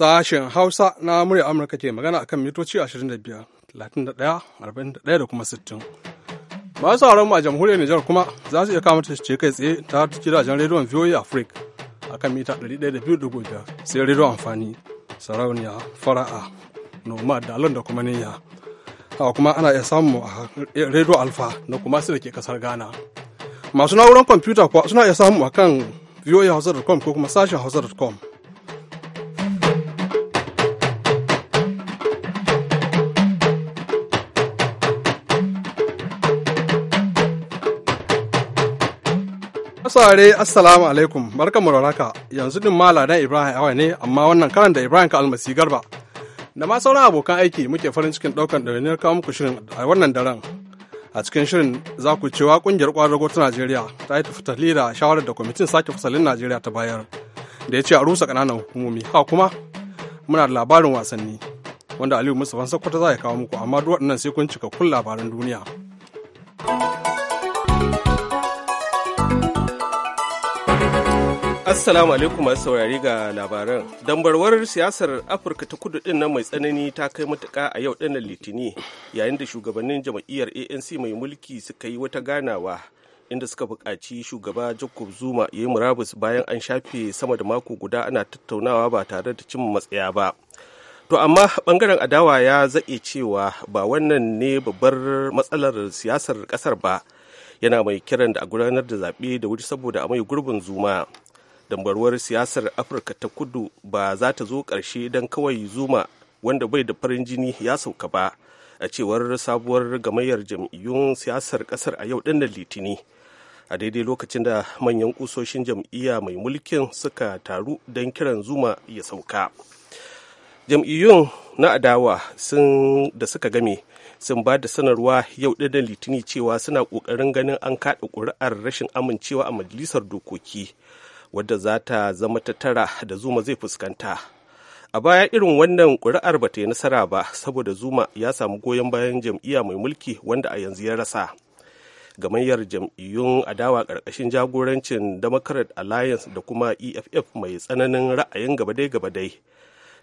Sashen Hausa na murya Amurka ke magana akan mitoci 25, 31, 41 da kuma 60. Masu sauran mu a jamhuriyar Nijar kuma za su iya kama ce kai tsaye ta gidajen rediyon VOA e Africa kan mita 102.5 sai rediyon amfani sarauniya fara'a noma alon da kuma niyya. hawa kuma ana iya samu a rediyo alfa na kuma su da ke kasar Ghana. Masu na'urar kwamfuta kuwa suna iya samu a kan voahausa.com e ko kuma sashen hausa.com Masaware Assalamu alaikum barkan mu yanzu din ma ladan Ibrahim Awa ne amma wannan karan da Ibrahim ka almasi garba da ma sauran abokan aiki muke farin cikin daukan ɗawainiyar kawo muku shirin a wannan daren a cikin shirin za ku cewa kungiyar kwadago ta Najeriya ta yi tafi da shawarar da kwamitin sake fasalin Najeriya ta bayar da ya ce a rusa kananan hukumomi ha kuma muna da labarin wasanni wanda Aliyu Mustapha Sokoto za ya kawo muku amma duk waɗannan sai kun cika kun labaran duniya. Assalamu alaikum masu saurari ga labaran. Dambarwar siyasar Afirka ta kudu din nan mai tsanani ta kai matuka a yau ɗanar Litini yayin da shugabannin jam'iyyar ANC mai mulki suka yi wata ganawa inda suka buƙaci shugaba Jacob Zuma ya yi murabus bayan an shafe sama da mako guda ana tattaunawa ba tare da cin matsaya ba. To amma bangaren adawa ya zaƙe cewa ba wannan ne babbar matsalar siyasar ƙasar ba yana mai kiran da a gudanar da zaɓe da wuri saboda a mai gurbin Zuma. dambarwar siyasar afirka ta kudu ba za ta zo ƙarshe don kawai zuma wanda bai da farin jini ya sauka ba a cewar sabuwar gamayyar jam'iyyun siyasar ƙasar a yau ɗinnan litini a daidai lokacin da manyan kusoshin jam'iyya mai mulkin suka taru don kiran zuma ya sauka jam'iyyun na adawa sun da suka game sun ba da sanarwa yau ɗinnan litini cewa suna ƙoƙarin ganin an kaɗa ƙuri'ar rashin amincewa a majalisar dokoki wadda za ta zama ta tara da zuma zai fuskanta a baya irin wannan ƙuri'ar ba ta yi nasara ba saboda zuma ya samu goyon bayan jam'iyya mai mulki wanda a yanzu ya rasa gamayyar jam'iyyun adawa ƙarƙashin jagorancin democrat alliance da kuma eff mai tsananin ra'ayin gabadai-gabadai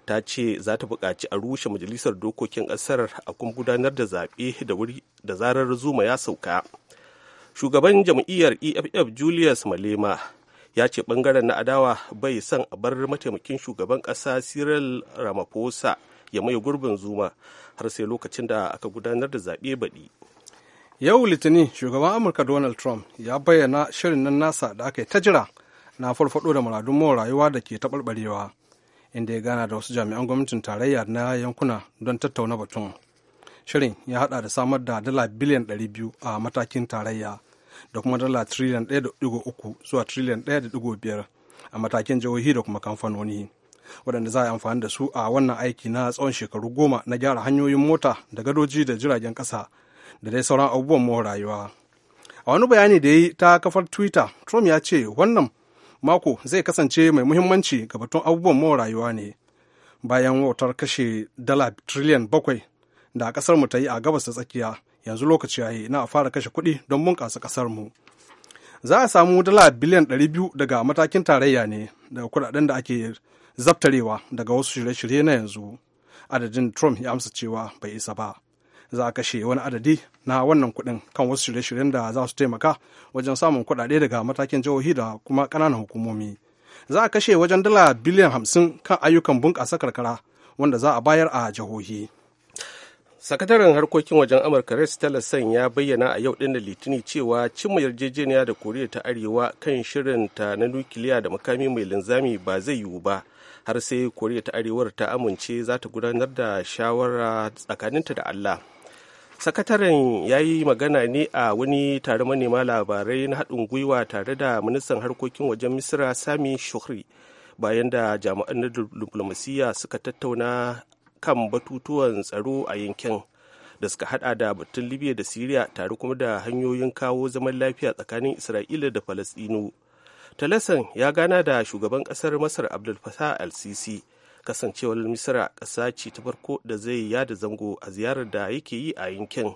ta ce za ta buƙaci a rushe majalisar dokokin ƙasar a kuma gudanar da zaɓe da wuri da zarar zuma ya sauka shugaban jam'iyyar eff julius malema ya ce bangaren na adawa bai son a bar mataimakin shugaban ƙasa cyril ramaphosa ya mai gurbin zuma har sai lokacin da aka gudanar da zaɓe baɗi yau litinin shugaban amurka donald trump ya bayyana shirin nan nasa da aka yi ta jira na farfado da muradun mawa rayuwa da ke taɓarɓarewa inda ya gana da wasu jami'an gwamnatin tarayya na yankuna don tattauna batun shirin ya hada da samar da dala biliyan 200 a matakin tarayya da kuma dala triliyan 1.3 zuwa triliyan 1.5 a matakin jihohi da kuma kamfanoni waɗanda za a yi amfani da su a wannan aiki na tsawon shekaru goma na gyara hanyoyin mota da gadoji da jiragen ƙasa da dai sauran abubuwan more rayuwa a wani bayani da ya yi ta kafar twitter trump ya ce wannan mako zai kasance mai muhimmanci ga batun abubuwan more rayuwa ne bayan wautar kashe dala triliyan bakwai da kasar mu ta yi a gabas ta tsakiya yanzu lokaci ya yi na a fara kashe kuɗi don bunƙasa ƙasar mu za a samu dala biliyan biyu daga matakin tarayya ne daga kuɗaɗen da ake zabtarewa daga wasu shirye-shirye na yanzu adadin trump ya amsa cewa bai isa ba za a kashe wani adadi na wannan kuɗin kan wasu shirye-shiryen da za su taimaka wajen samun kuɗaɗe daga matakin jihohi da kuma ƙananan hukumomi za a kashe wajen dala biliyan hamsin kan ayyukan bunƙasa karkara wanda za a bayar a jihohi sakataren harkokin wajen amurka rex tillerson ya bayyana a yau din da litinin cewa cimma yarjejeniya da koriya ta arewa kan shirin ta na nukiliya da makami mai linzami ba zai yiwu ba har sai koriya ta arewar ta amince za ta gudanar da shawara tsakaninta da allah sakataren ya yi magana ne a wani tare manema labarai na haɗin gwiwa tare da ministan harkokin wajen misira sami shukri bayan da jami'an na diplomasiyya suka tattauna kan batutuwan tsaro a yankin da suka hada da batun libya da siriya tare kuma da hanyoyin kawo zaman lafiya tsakanin isra'ila da falasdino talasan ya gana da shugaban kasar masar abdul fatah al-sisi kasancewar misra ƙasa ce ta farko da zai yada zango a ziyarar da yake yi a yankin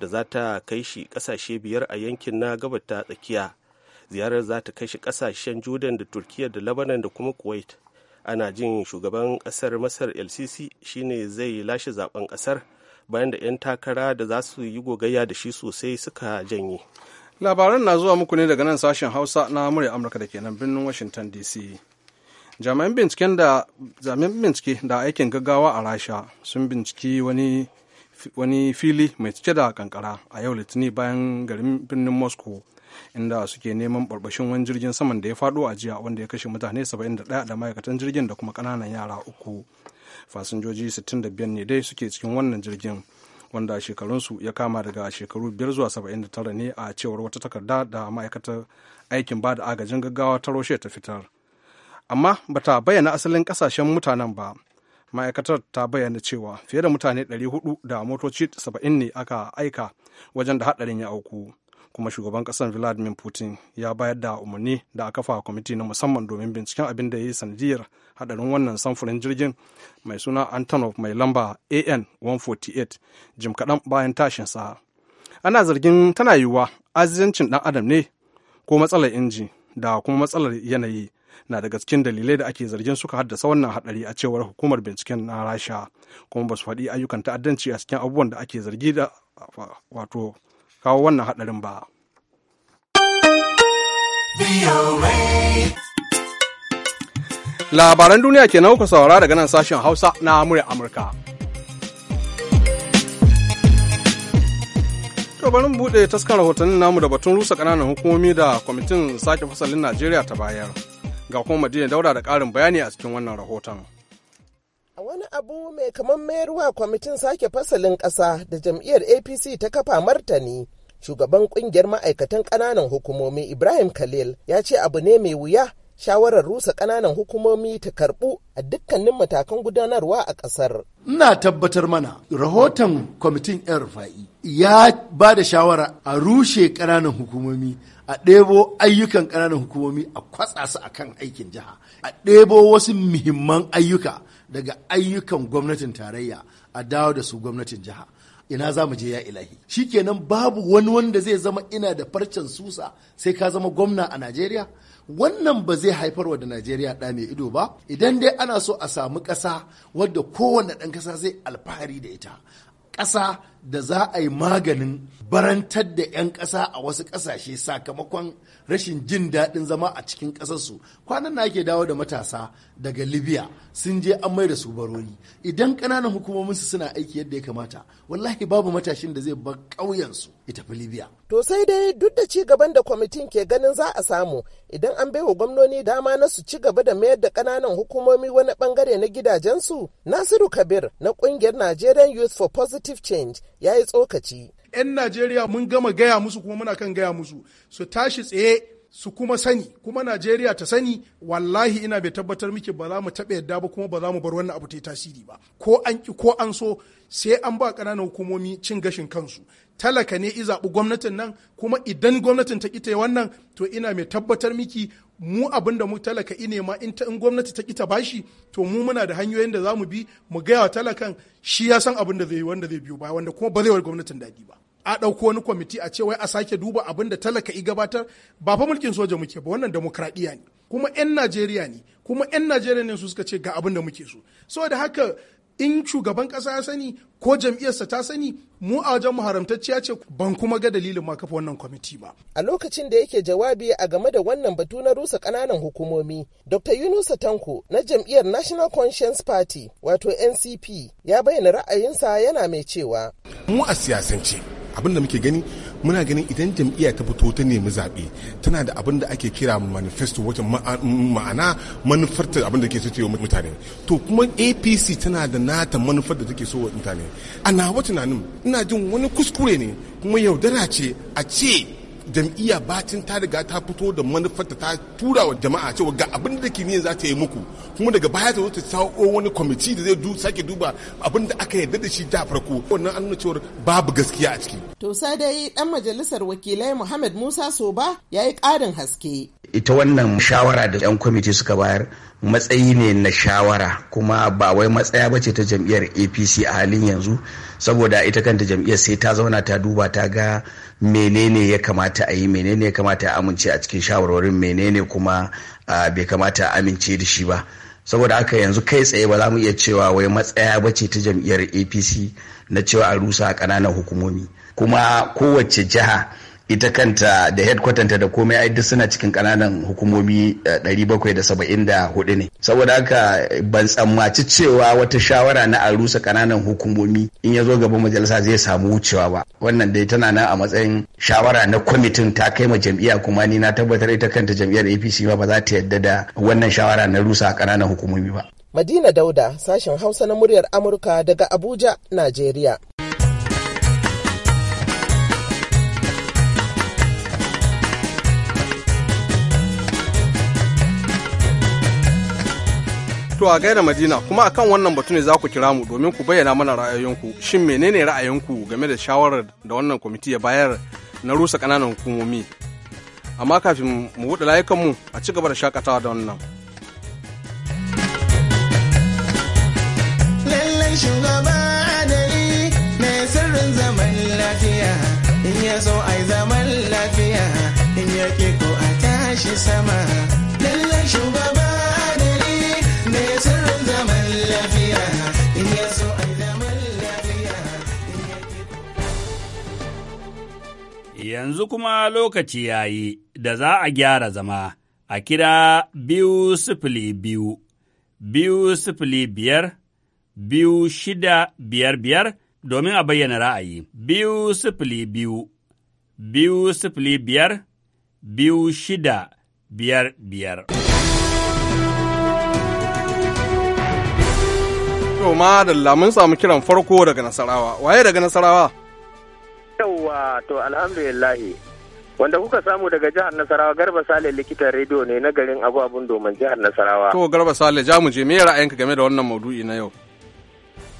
da za ta kai shi ƙasashe biyar a yankin na gabata tsakiya ziyarar za ta kai shi ƙasashen jordan da turkiya da lebanon da kuma kuwait ana jin shugaban ƙasar masar lcc shine zai lashe zaben ƙasar bayan da 'yan takara da za su yi gogayya da shi sosai suka janye labaran na zuwa muku ne daga nan sashen hausa na murya amurka da ke nan birnin washington dc jami'an binciken da jami'an bincike da aikin gaggawa a rasha sun binciki wani wani fili mai cike da kankara a yau litini bayan garin birnin moscow inda suke neman barbashin wani jirgin saman da ya fado a jiya wanda ya kashe mutane 71 da ma'aikatan jirgin da kuma kananan yara uku fasinjoji 65 ne dai suke cikin wannan jirgin wanda shekarunsu ya kama daga shekaru biyar zuwa 79 ne a cewar wata takarda da ma'aikatar aikin ba da agajin gaggawa ta roshe ta fitar amma bata bayyana asalin kasashen mutanen ba ma'aikatar ta bayyana cewa fiye da mutane 400 da motoci 70 ne aka aika wajen da hadarin ya auku kuma shugaban kasar vladimir putin ya bayar da umarni da a kafa kwamiti na musamman domin binciken abin da ya yi sanadiyar hadarin wannan samfurin jirgin mai suna antonov mai lamba an 148 jim kaɗan bayan tashin sa ana zargin tana yiwuwa azizancin dan adam ne ko matsalar inji da kuma matsalar yanayi na daga cikin dalilai da ake zargin suka haddasa wannan hadari a cewar hukumar binciken na rasha kuma ba su faɗi ayyukan ta'addanci a cikin abubuwan da ake zargi da wato kawo wannan haɗarin ba. Labaran duniya ke nauka saurara daga nan sashen Hausa na murya Amurka. To mu buɗe taskar rahotannin namu da batun rusa ƙananan hukumomi da kwamitin sake fasalin Najeriya ta bayar. Ga kuma Madina Daura da ƙarin bayani a cikin wannan rahoton. A wani abu mai kamar mayarwa kwamitin sake fasalin ƙasa da jam'iyyar APC ta kafa martani. Shugaban ƙungiyar ma'aikatan ƙananan hukumomi Ibrahim Khalil ya ce abu ne mai wuya shawarar rusa ƙananan hukumomi ta karɓu a dukkanin matakan gudanarwa a ƙasar. Ina tabbatar mana rahoton kwamitin 'yan rufa'i ya ba da shawara a rushe ƙananan hukumomi a ɗebo ayyukan ƙananan hukumomi a kwatsa su akan aikin jiha a ɗebo wasu muhimman ayyuka daga ayyukan gwamnatin tarayya a dawo da su gwamnatin jiha ina za mu je ya ilahi shikenan babu wani wanda zai zama ina da farcen susa sai ka zama gwamna a najeriya wannan ba zai haifarwa da najeriya ɗa mai ido ba idan dai ana so a samu ƙasa wadda kowane ɗan ƙasa zai alfahari da ita ƙasa da za a yi maganin barantar da 'yan ƙasa a wasu ƙasashe sakamakon rashin jin daɗin zama a cikin ƙasarsu kwanan na ake dawo da matasa daga libya sun je an mai da su baroni idan ƙananan hukumomin su suna aiki yadda ya kamata wallahi babu matashin da zai bar ƙauyensu ya tafi libya to sai dai duk da ci gaban da kwamitin ke ganin za a samu idan an baiwa gwamnoni dama na su ci gaba da mayar da ƙananan hukumomi wani bangare na gidajensu nasiru kabir na ƙungiyar nigerian youth for positive change ya yi tsokaci. 'Yan Najeriya mun gama gaya musu kuma muna kan gaya musu su tashi tsaye su kuma sani kuma Najeriya ta sani wallahi ina bai tabbatar miki ba za mu taɓa yadda ba kuma ba za mu bar wannan abu ta tasiri ba ko an ki ko an so sai an ba ƙananan hukumomi cin gashin kansu talaka ne i zaɓi gwamnatin nan kuma idan gwamnatin ta kita wannan to ina mai tabbatar miki mu abin da mu talaka ine ma in ta in gwamnati ta ki bashi to mu muna da hanyoyin da zamu bi mu gaya wa talakan shi ya san abin da zai wanda zai biyo baya wanda kuma ba zai wa gwamnatin daɗi ba a dauko wani kwamiti a ce wai a sake duba abin da talaka i gabatar ba fa mulkin soja muke ba wannan demokradiya ne kuma 'yan najeriya ne kuma 'yan najeriya ne su suka ce ga abin da muke so saboda haka in shugaban ƙasa ya sani ko jam'iyyarsa ta sani mu a wajen haramtacciya ce ban kuma ga dalilin ma kafa wannan kwamiti ba. A lokacin da yake jawabi a game da wannan batu na rusa ƙananan hukumomi, Dr. Yunusa Tanko na jam'iyyar National Conscience Party wato NCP ya bayyana ra'ayinsa yana mai cewa. Mu a siyasance abin da muke gani muna ganin idan jam'iyya ta fito ta nemi zaɓe tana da abin da ake kira manifesto wata ma'ana manufar ta abin da ke so ta mutane to kuma apc tana da nata manufar da take so wa mutane a nawa tunanin ina jin wani kuskure ne kuma yaudara ce a ce jam'iyya bacin ta riga ta fito da manufarta ta tura wa jama'a cewa ga abin da ke za ta yi muku kuma daga baya ta zo ta sa'o wani kwamiti da zai sake duba abin da aka yarda da shi da farko wannan an nuna cewa babu gaskiya a ciki. to sai dai dan majalisar wakilai muhammad musa soba ya yi ƙarin haske. ita wannan shawara da 'yan kwamiti suka bayar matsayi ne na shawara kuma ba wai matsaya bace ta jam'iyyar apc a halin yanzu saboda ita kanta jam'iyyar sai ta zauna ta duba ta ga menene ya kamata a yi menene ya kamata a amince a cikin shawarwarin menene kuma bai kamata a amince da shi ba saboda haka yanzu kai tsaye ba za mu iya cewa wai matsaya bace ta jam'iyyar apc na cewa a rusa a ƙananan hukumomi kuma kowace jiha ita kanta da ta da komai ai duk suna cikin kananan hukumomi 774 eh, ne saboda haka ban tsammaci cewa wata shawara na a rusa kananan hukumomi in ya zo gaban majalisa zai samu wucewa ba wannan dai tana nan a matsayin shawara na kwamitin ta kai ma jam'iyya kuma ni na tabbatar ita kanta jam'iyyar apc ba ba za ta yadda da wannan shawara na rusa a kananan hukumomi ba madina dauda sashen hausa na muryar amurka daga abuja nigeria. To a gaida Madina kuma akan wannan batu ne za ku kira mu domin ku bayyana mana ra'ayoyinku. Shin menene ra'ayinku game da shawarar da wannan kwamiti ya bayar na rusa kananan hukumomi? Amma kafin mu buɗe layukanmu a ci gaba da shakatawa da wannan. Lallai shugaba mai sirrin zaman lafiya in ya so ai zaman lafiya in ya yanzu kuma lokaci ya yi da za a gyara zama a kira biyu sifili biyu, biyu sifili biyar, biyu shida biyar biyar domin a bayyana ra'ayi, biyu sifili biyu, biyu sifili biyar, biyu shida biyar biyar. Yau ma da mun samu kiran farko daga Nasarawa, waye daga Nasarawa? Yawwa to alhamdulillahi wanda kuka samu daga jihar Nasarawa Garba Sale likitan rediyo ne na garin abun Domin jihar Nasarawa. To Garba Sale ja mu je me ra'ayinka game da wannan maudu'i na yau?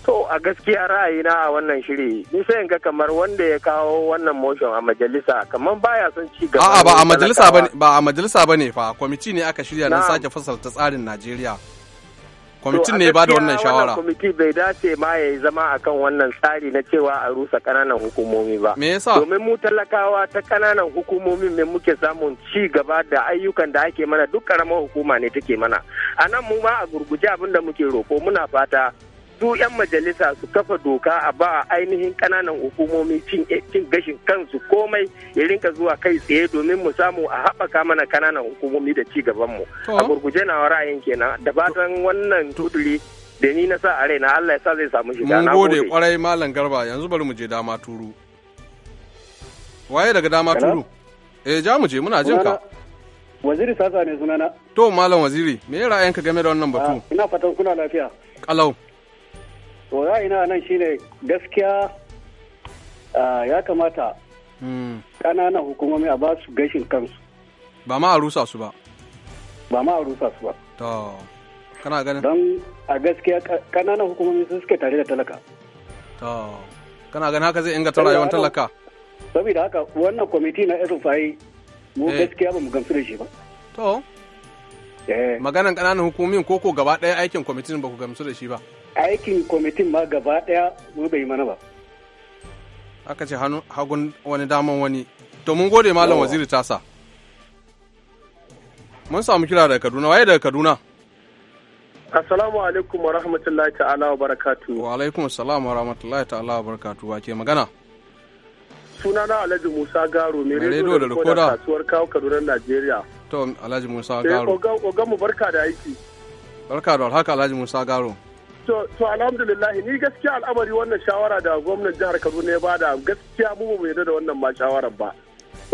To a gaskiya ra'ayina a wannan shiri ni sai in ga kamar wanda ya kawo wannan motion a majalisa kamar baya son ci gaba. A'a ba a majalisa bane ba a majalisa bane fa kwamiti ne aka shirya na sake fasalta tsarin Najeriya. kwamitin ne ba da wannan shawara kwamiti bai dace ma ya zama akan wannan tsari na cewa a rusa kananan hukumomi ba me yasa domin mu talakawa ta kananan hukumomi mai muke samun ci gaba da ayyukan da ake mana duk karamar hukuma ne take mana a nan mu ma a gurguje abin da muke roko muna fata su 'yan majalisa su kafa doka a ba ainihin kananan hukumomi eh, cin gashin kansu komai ya rinka zuwa kai tsaye domin mu samu a haɓaka mana kananan hukumomi da ci gabanmu a gurguje na ra'ayin kenan da batan wannan kuduri da ni na sa a raina Allah ya sa zai samu shiga na gode kwarai malam garba yanzu bari mu je dama turu waye daga dama turu eh ja mu je muna jin ka waziri sasa ne sunana to malam waziri me ra'ayinka game da wannan batu ah, ina fatan kuna lafiya kalau to ina nan shine gaskiya ya kamata hmm. ƙananan hukumomi a ba su gashin kansu ba ma a rusa su ba ba ma a rusa su ba to kana ganin don a gaskiya ƙananan hukumomi su suke tare da talaka to kana ganin haka zai inganta rayuwar talaka saboda haka wannan kwamiti na SFI mu eh. gaskiya ba mu gamsu da shi ba to eh. maganan ƙananan hukumomin koko gaba ɗaya aikin kwamitin ba ku gamsu da shi ba aikin kwamitin ma gaba daya mu bai mana ba aka ce hagun wani daman wani to mun gode malam waziri tasa mun samu kira daga kaduna waye daga kaduna assalamu alaikum wa rahmatullahi ta'ala wa barakatu wa alaikum assalamu wa rahmatullahi ta'ala wa barakatu wa ke magana sunana alhaji musa garo mai rediyo da rikoda kasuwar kawo kaduna najeriya to alhaji musa eh, garo ogan mu barka da aiki barka da alhaka alhaji musa garo To, alhamdulillah ni gaskiya al'amari wannan shawara da gwamnan jihar Kaduna ya bada gaskiya mu ba yarda da wannan ma shawaran ba.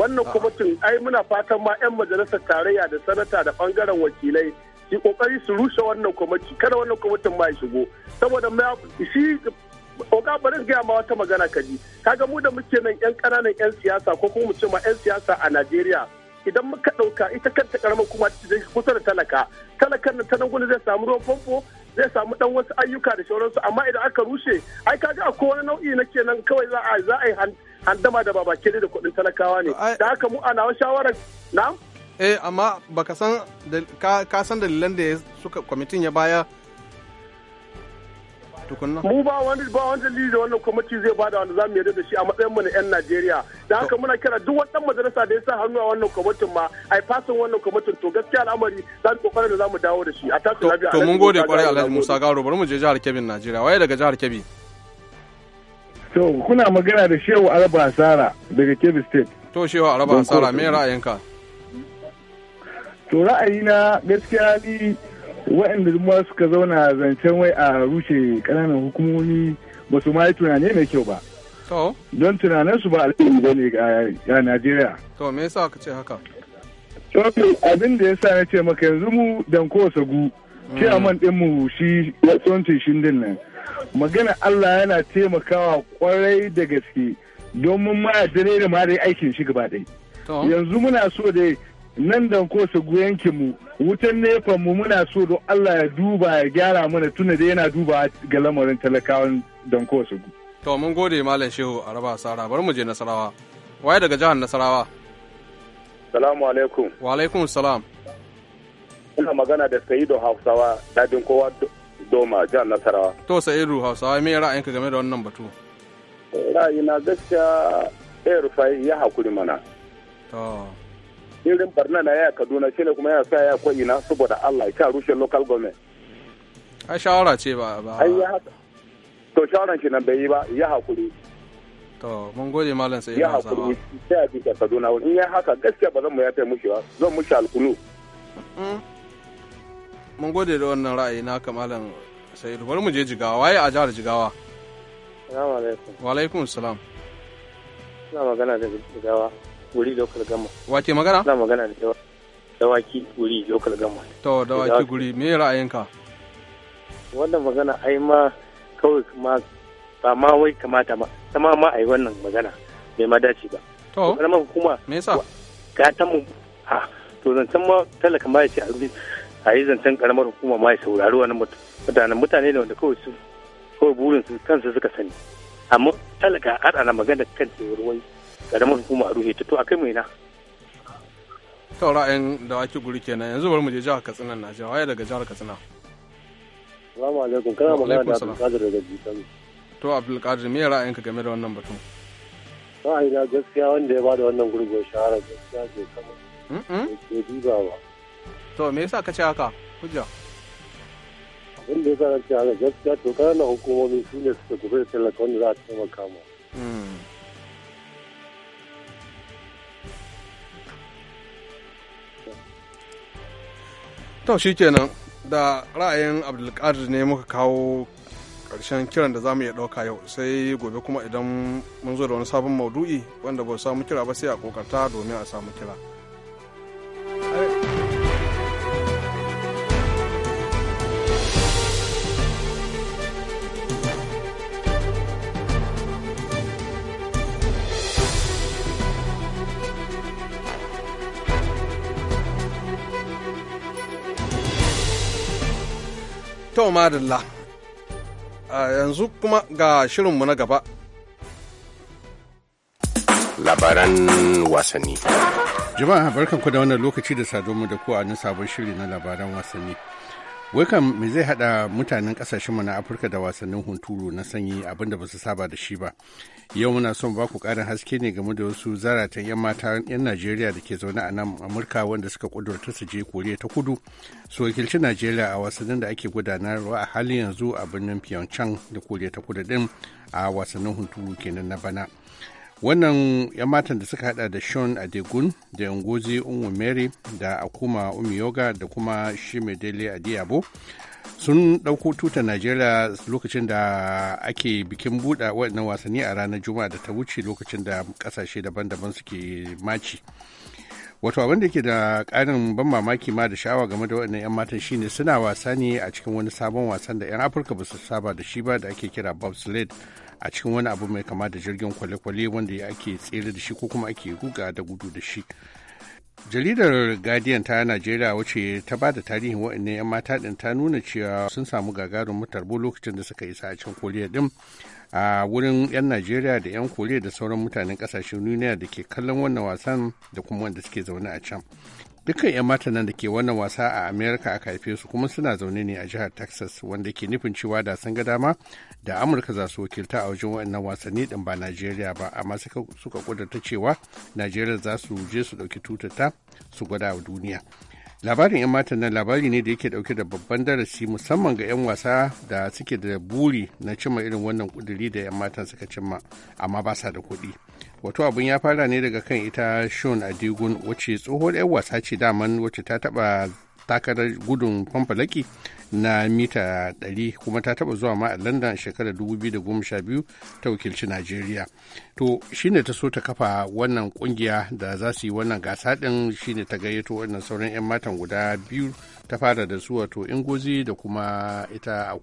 Wannan kwamitin ai muna fatan ma 'yan majalisar tarayya da sanata da bangaren wakilai su kokari su rushe wannan kwamiti kada wannan kwamitin ma ya shigo saboda shi oga barin gaya ma wata magana kaji kaga mu da muke nan 'yan kananan 'yan siyasa ko kuma mu ce ma 'yan siyasa a Najeriya idan muka ɗauka ita kanta karamar kuma kusa da talaka talakan nan ta nan zai samu ruwan famfo zai samu ɗan wasu ayyuka da sauransu amma idan aka rushe ai ka ga a wani nau'i na kenan kawai za a za a yi handama da babakere da kuɗin talakawa ne da haka mu ana shawarar na eh amma baka san ka san dalilan da suka kwamitin ya baya tukunna mu ba wani ba wani dalili da wannan kwamiti zai bada wanda zamu yarda da shi a matsayin mu na yan Najeriya da haka muna kira duk wani majalisa da ya sa hannu a wannan kwamitin ma ai fasin wannan kwamitin to gaskiya al'amari za mu kokarin da za mu dawo da shi a tashi labi to mun gode kwarai Alhaji Musa Garo bari mu je jihar Kebbi Najeriya waye daga jihar Kebbi to kuna magana da Shehu Araba Asara daga Kebbi State to Shehu Araba Asara me ra'ayinka to ra'ayina gaskiya ni waɗanda ma suka zauna zancen wai a rushe ƙananan hukumomi ba su ma yi tunani mai kyau ba. Don tunaninsu ba alheri ba ne a Najeriya. To me yasa ka ce haka? Tsofi abin da ya sa na ce maka yanzu mu danko sagu. Mm. Ciyaman ɗinmu shi ya tsoncin shindin nan. Magana Allah yana taimakawa kwarai da gaske. don mun ma da ma aikin shi gaba ɗaya. Yanzu muna so dai nan da ko su yankin mu wutan nefa mu muna so don Allah ya duba ya gyara mana tuna da yana duba ga lamarin talakawan don ko su to mun gode malam shehu araba sara bari mu je nasarawa waye daga jihar nasarawa salamu alaikum wa alaikum salam ina magana da sa'ido hausawa dadin kowa doma jihar nasarawa to sa'ido hausawa me ra'ayinka game da wannan batu ra'ayina gaskiya ɗaya rufai ya hakuri mana to irin barna na ya kaduna shine kuma ya sa ya ko ina saboda Allah ya rushe local government a shawara ce ba ba ai ya to shawaran shi nan bai yi ba ya hakuri to mun gode malam sai ya hakuri sai a bi kaduna wani ya haka gaskiya ba zan mu yafe mushi ba zan mushi alkunu mm. mun gode da wannan ra'ayi na malam sai bari mu je jigawa waye a jihar jigawa Salamu alaikum. Wa alaikum salam. Ina magana da jigawa. wuri local gama. Wace magana? Na magana da dawaki guri local gama. To dawaki guri me ra'ayinka? Wannan magana ai ma kawai ma ba ma wai kamata ma sama ma ai wannan magana bai ma dace ba. To kuma hukuma. Me yasa? Ga ta mu a to zancen ma talaka ma ya ce a yi zancen karamar hukuma ma ya saurari wani mutanen mutane ne wanda kawai su kawai burin su kansu suka sani. Amma talaka ana magana kan cewar wai karamar hukuma a ruhe ta to a kai mai na kawai ra'ayin da wake guri kenan yanzu bari mu je jihar katsina na jihar waye daga jihar katsina salamu alaikum kana magana da abdulkadir daga jitami to abdulkadir me ka game da wannan batun ra'ayi na gaskiya wanda ya bada wannan gurgun shahara gaskiya ke kama ke mm, mm. diba ba to me yasa ka ce haka hujja abin da ya ce haka gaskiya to kana hukumomi su ne suka gobe da talaka wanda za a taimaka ma mm. to shi kenan da ra'ayin abdulkadir ne muka kawo karshen kiran da za mu iya ɗauka yau sai gobe kuma idan mun zo da wani sabon maudu'i wanda ba samu kira ba sai a kokarta domin a samu kira. To madalla. A yanzu kuma ga shirinmu na gaba. Labaran wasanni. Jama'a barkanku da wannan lokaci da sadonmu da ku a sabon shiri na labaran wasanni. Wikan me zai haɗa mutanen ƙasashenmu na Afirka da wasannin hunturu na sanyi abinda ba su saba da shi ba. Yau muna son ba ku karin haske ne game da wasu zaratan 'yan mata 'yan Najeriya da ke zaune a nan Amurka wanda suka kudurta su je Koriya ta kudu su wakilci Najeriya a wasannin da ake gudanarwa a halin yanzu a birnin Pyeongchang da Koriya ta kudu ɗin a wasannin hunturu kenan na bana. wannan 'yan matan da suka hada da sean adegun da yangozi unwu mary da akuma umiyoga da kuma a diyabo sun ɗauko tutar najeriya lokacin da ake bikin buɗe waɗannan wasanni a ranar juma'a da ta wuce lokacin da ƙasashe daban-daban suke maci wato abin da ke da ƙarin ban mamaki ma da sha'awa game da waɗannan 'yan matan shine suna wasa ne a cikin wani sabon wasan da 'yan afirka ba su saba da shi ba da ake kira bobsled a cikin wani abu mai kama da jirgin kwale-kwale wanda ya ake tsere da shi ko kuma ake guga da gudu da shi jaridar guardian ta najeriya wacce ta ba da tarihin wa'annan 'yan mata ɗin ta nuna cewa sun samu gagarin mutarbo lokacin da suka isa a cikin koliya din a wurin 'yan najeriya da 'yan koriya da sauran mutanen kasashen duniya da ke kallon wannan wasan da kuma wanda suke zaune a can dukkan 'yan matan nan da ke wannan wasa a amerika a haife su kuma suna zaune ne a jihar texas wanda ke nufin cewa da sun ga dama da amurka za su wakilta a wajen wannan wasanni din ba najeriya ba amma suka kudurta cewa najeriya za su je su dauki tutata su gwada wa duniya labarin 'yan matan nan labari ne da yake dauke da babban darasi musamman ga 'yan wasa da suke da buri na cimma irin wannan kuduri da 'yan matan suka cimma amma ba sa da kuɗi wato abin ya fara ne daga kan ita shon adigun wacce tsohuwar 'yan wasa ce daman wacce ta taba takarar gudun famfalaki na mita 100 kuma ta taba zuwa ma a london shekarar 2012 ta wakilci najeriya to shine ta so ta kafa wannan kungiya da za su yi wannan gasa din shine ta gayyato wannan sauran 'yan matan guda biyu ta fara da su wato ingozi da kuma ita a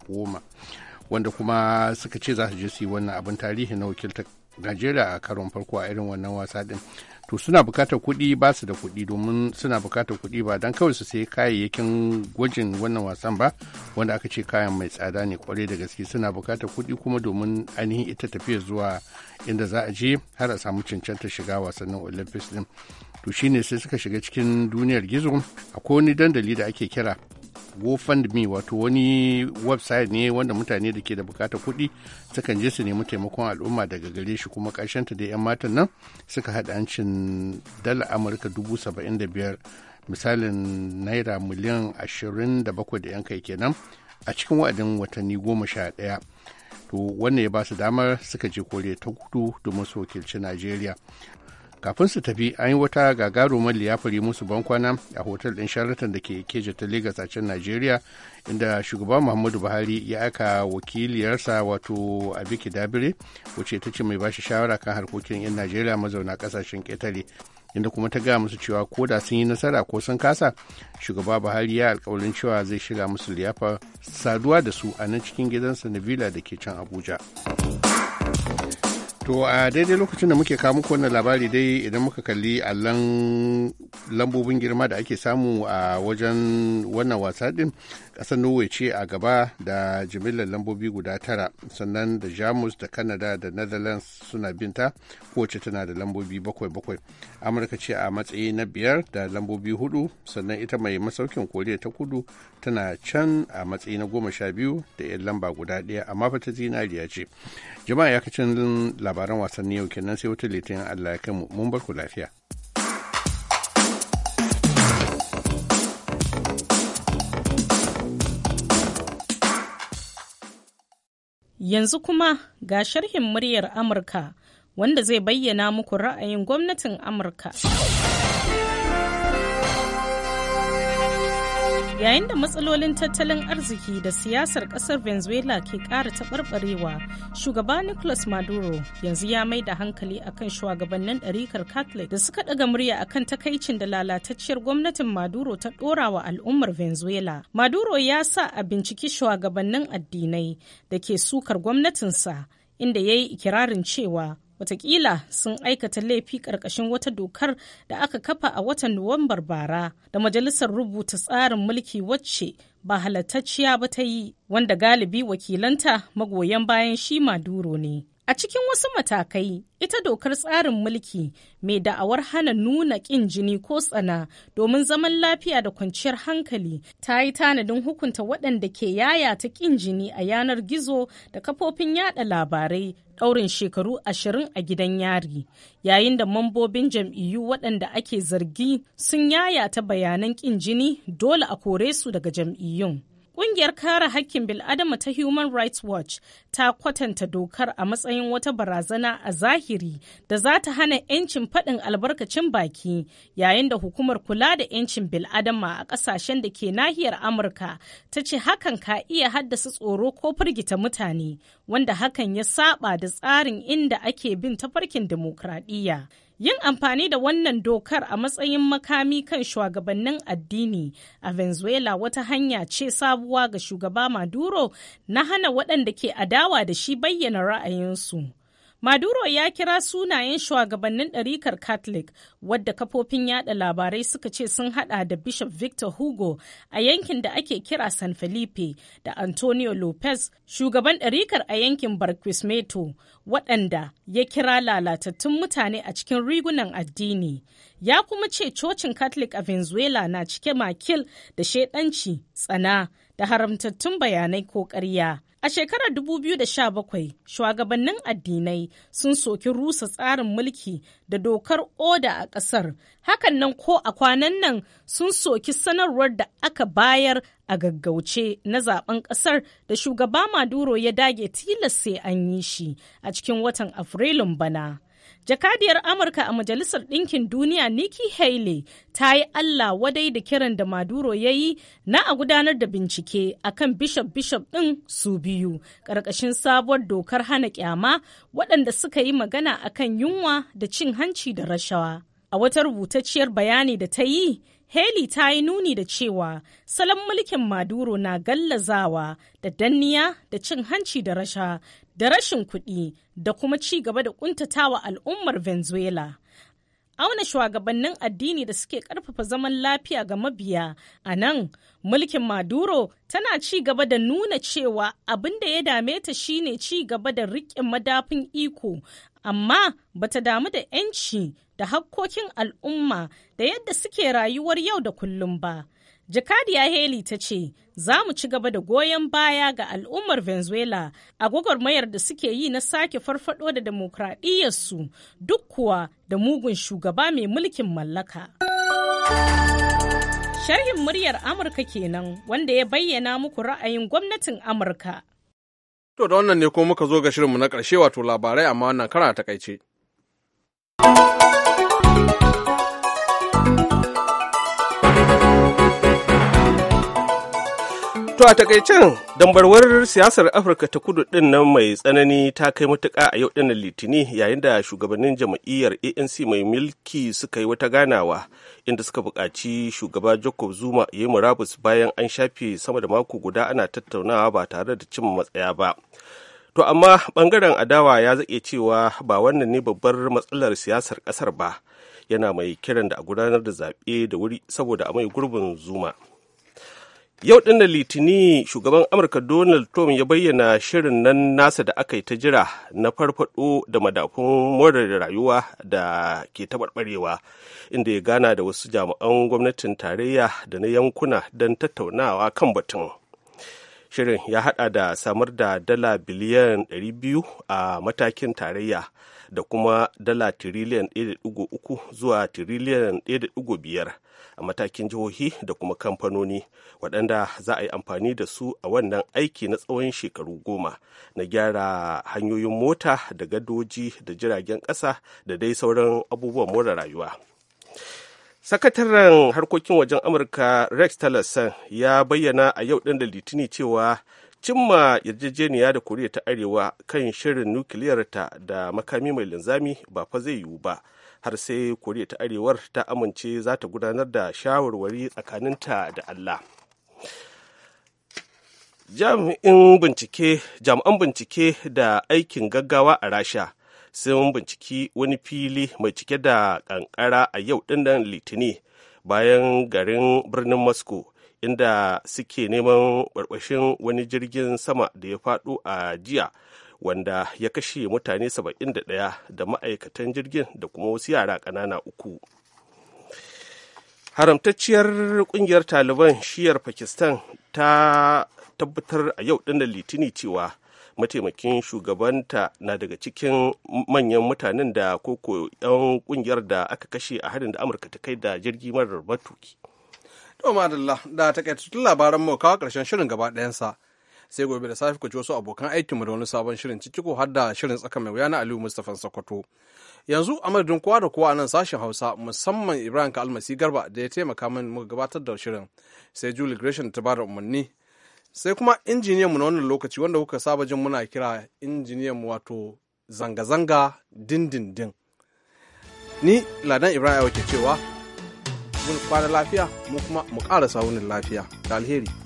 wanda kuma suka ce za su je su yi wannan abin tarihi na wakiltar najeriya a karon farko a irin wannan wasa din to suna bukatar kuɗi ba su da kuɗi domin suna bukatar kuɗi ba don kawai su sayi kayayyakin gwajin wannan wasan ba wanda aka ce kayan mai tsada ne kwarai da gaske suna bukatar kuɗi kuma domin ainihin ita tafiya zuwa inda za a je har a samu cancanta shiga wasannin olympics din to shine sai suka shiga cikin duniyar gizo akwai wani dandali da ake kira GoFundMe wato wani website ne wanda mutane da ke da bukatar kuɗi sukan je su nemi taimakon al'umma daga gare shi kuma ta da 'yan matan nan suka haɗa hancin dala Amurka dubu saba'in da biyar misalin naira miliyan 27 da da 'yan kai kenan a cikin wa'adin watanni goma sha ɗaya. To wannan ya ba su damar suka je kore ta kudu domin su wakilci Najeriya. kafin su tafi an yi wata gagarumar liyafari musu bankwana a hotel ɗin sharatan da ke keja ta lagos a can najeriya inda shugaban muhammadu buhari ya aka wakiliyarsa wato abiki dabire wacce ta ce mai bashi shawara kan harkokin 'yan nigeria mazauna ƙasashen ƙetare inda kuma ta gaya musu cewa ko da sun yi nasara ko sun kasa shugaba buhari ya alkawarin cewa zai shiga musu liyafar saduwa da su a nan cikin gidansa na villa da ke can abuja To a daidai lokacin da muke kawo muku wannan labari dai idan muka kalli allon lambobin girma da ake samu a wajen wannan wasa din kasar Norway ce a gaba da jimillar lambobi guda tara sannan da Jamus da Canada da Netherlands suna binta kowace tana da lambobi bakwai bakwai. Amurka ce a matsayi na biyar da lambobi hudu sannan ita mai masaukin Koriya ta kudu tana can a matsayi na goma sha biyu da 'yan lamba guda ɗaya amma fata zinariya ce. jama'a ya kacin labaran wasanni yau kenan sai wata litinin allah ya kai mun bar ku lafiya Yanzu kuma ga sharhin muryar Amurka wanda zai bayyana muku ra'ayin gwamnatin Amurka. yayin da matsalolin tattalin arziki da siyasar kasar venezuela ke kara taɓarɓarewa shugaba nicolas maduro yanzu ya mai da hankali akan shugabannin ɗarikar catholic da suka ɗaga murya akan takaicin da lalatacciyar gwamnatin maduro ta ɗora wa al'ummar venezuela maduro ya sa a binciki shugabannin addinai da ke sukar gwamnatinsa inda ya yi ikirarin cewa watakila sun aikata laifi ƙarƙashin wata dokar da aka kafa a watan nuwambar bara da majalisar rubuta tsarin mulki wacce ba halattacciya ba ta yi wanda galibi wakilanta magoyan bayan shi maduro ne A cikin wasu matakai, ita dokar tsarin mulki mai da'awar hana nuna ƙin jini ko tsana domin zaman lafiya da kwanciyar hankali ta yi tanadin hukunta waɗanda ke yaya ta ƙin jini a yanar gizo da kafofin yada labarai ɗaurin shekaru ashirin a gidan yari, yayin da mambobin jam'iyyu waɗanda ake zargi sun yaya ta bayanan ƙin jini dole a kore su daga jam'iyyun. Ƙungiyar kare hakkin bil'adama ta Human Rights Watch ta kwatanta dokar a matsayin wata barazana a zahiri da za ta hana 'yancin faɗin albarkacin baki yayin da hukumar kula da 'yancin bil'adama a ƙasashen da ke nahiyar Amurka ta ce hakan ka iya haddasa tsoro ko firgita mutane wanda hakan ya saba da tsarin inda ake bin tafarkin dimokuraɗiyya. Yin amfani da wannan dokar a matsayin makami kan shugabannin addini a Venezuela wata hanya ce sabuwa ga shugaba Maduro na hana waɗanda ke adawa da shi bayyana ra'ayinsu. Maduro ya kira sunayen shugabannin ɗarikar Catholic wadda kafofin yada labarai suka ce sun hada da Bishop Victor Hugo a yankin da ake kira San Felipe da Antonio Lopez shugaban ɗarikar a yankin Barquisimeto waɗanda ya kira lalatattun mutane a cikin rigunan addini. Ya kuma ce cocin Catholic a Venezuela na cike makil da shaidanci, tsana da haramtattun bayanai ko ƙarya. A shekarar 2017, shugabannin addinai sun soki rusa tsarin mulki da dokar oda a ƙasar. Hakan nan ko a kwanan nan sun soki sanarwar da aka bayar a gaggauce na zaben ƙasar da shugaba Maduro ya dage tilas sai an yi shi a cikin watan Afrilun bana. Jakadiyar Amurka a Majalisar Ɗinkin Duniya Nikki Haley ta yi Allah wadai da kiran da Maduro ya yi na a gudanar da bincike a kan bishop-bishop ɗin su biyu ƙarƙashin sabuwar dokar hana ƙyama waɗanda suka yi magana a kan yunwa da cin hanci da rashawa. A wata rubutacciyar bayani da ta yi, Haley ta yi nuni da cewa salon mulkin Maduro na gallazawa da danniya da cin hanci da rasha da rashin kuɗi da kuma ci gaba da ƙuntatawa al'ummar Venezuela. auna shugabannin addini da suke ƙarfafa zaman lafiya ga mabiya a nan mulkin maduro tana ci gaba da nuna cewa abin da ya dame ta shine ci gaba da riƙe madafin iko amma bata damu da 'yanci da hakkokin al'umma da yadda suke rayuwar yau da kullum ba Jakadiya Haley ta ce, Za mu ci gaba da goyon baya ga al'ummar Venezuela a mayar da suke yi na sake farfado da demokradiyyarsu duk kuwa da mugun shugaba mai mulkin mallaka. Sharhin muryar Amurka kenan wanda ya bayyana muku ra'ayin gwamnatin Amurka. To da wannan ne ko muka zo ga shirinmu na ƙarshe wato labarai amma wannan kara takaice. To a takaicen dambarwar siyasar Afirka ta kudu din nan mai tsanani ta kai matuka a yau ɗinnan litini yayin da shugabannin jam'iyyar ANC mai mulki suka yi wata ganawa inda suka buƙaci shugaba Jacob Zuma ya yi murabus bayan an shafe sama da mako guda ana tattaunawa ba tare da cin matsaya ba. To amma ɓangaren adawa ya zaƙe cewa ba wannan ne babbar matsalar siyasar ƙasar ba yana mai kiran da a gudanar da zaɓe da wuri saboda a mai gurbin Zuma. Yau ɗin da Litini shugaban Amurka Donald Trump ya bayyana shirin nan nasa da aka yi ta jira na farfado da madafun more rayuwa da ke taɓarɓarewa inda ya gana da wasu jami'an gwamnatin tarayya da na yankuna don tattaunawa kan batun. Shirin ya haɗa da samar da dala biliyan 200 a matakin tarayya da kuma dala tiriliyan 1.3 zuwa tiriliyan 1.5 a matakin jihohi da kuma kamfanoni waɗanda za a yi amfani da su a wannan aiki na tsawon shekaru goma na gyara hanyoyin mota da gadoji da jiragen ƙasa da dai sauran abubuwan more rayuwa. sakataren harkokin wajen amurka rex tillerson ya bayyana a yau ɗin da litini cewa cimma yarjejeniya da koriya ta arewa kan shirin nukiliyarta da makami mai linzami ba fa zai yiwu ba har sai koriya ta arewar ta amince za ta gudanar da shawarwari tsakaninta da allah jami'an bincike da aikin gaggawa a rasha sun binciki wani fili mai cike da kankara a yau dinnan litini bayan garin birnin moscow inda suke neman barbashin wani jirgin sama da ya faɗo a jiya wanda ya kashe mutane 71 da ma'aikatan jirgin da kuma wasu yara ƙanana uku haramtacciyar ƙungiyar taliban shiyar pakistan ta tabbatar a yau ɗin litini cewa mataimakin shugabanta na daga cikin manyan mutanen da koko 'yan ƙungiyar da aka kashe a harin da amurka ta kai da jirgi marar matuki. To madalla da ta kai labaran mu kawo ƙarshen shirin gaba ɗayansa. Sai gobe da safe ku ji wasu abokan aikinmu da wani sabon shirin ciki har da shirin tsaka mai wuya na Aliyu Mustapha Sokoto. Yanzu a madadin kowa da kowa a nan sashen Hausa musamman Ibrahim ka almasi Garba da ya taimaka min muka gabatar da shirin. Sai Julie Gresham ta bada umarni. Sai kuma injiniyan mu na wannan lokaci wanda kuka saba jin muna kira injiniyan mu wato zanga-zanga dindindin. Ni Ladan Ibrahim ke cewa mun kwana lafiya mu kuma mu ƙara sawunin lafiya da alheri